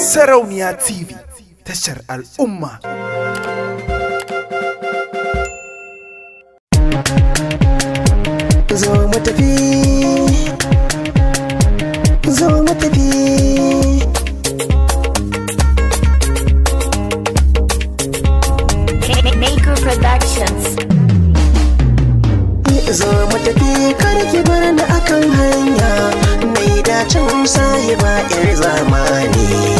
Sarauniya TV tashar al'umma. Zo mu tafi, zo mu tafi. Maker Productions. Zo mu tafi kar ki bar ni akan hanya, mai dacin sahiba 'yar zamani.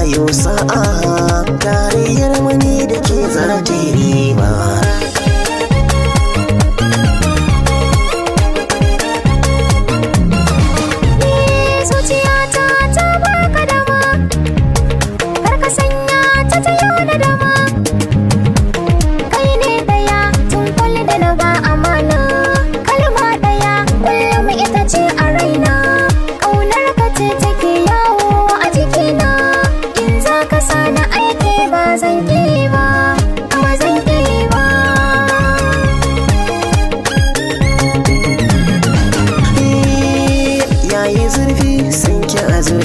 yau sa'a tarayyar wani da ke zara ta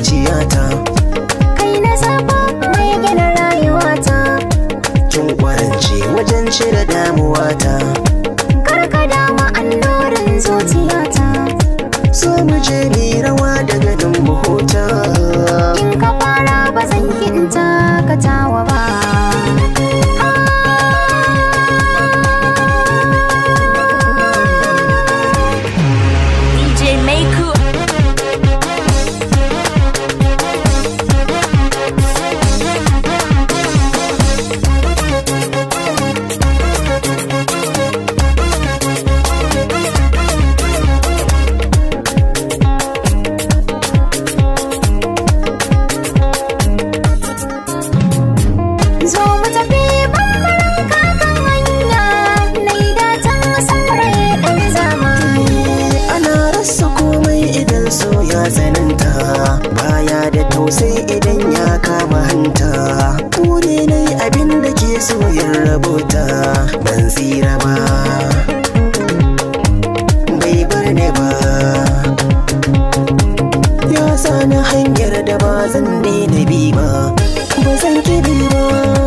zuciyata kai na zaba mai gina rayuwata tun kwarance wajen cire damuwata karka dama annorin zuciyata so mu je tsananta baya da tausayi idan ya kama hanta kure na yi abin da ke so yin rabota ban tsira ba bai bar ne ba ya sani hanyar da ba zan daina bi ba ba zan bi ba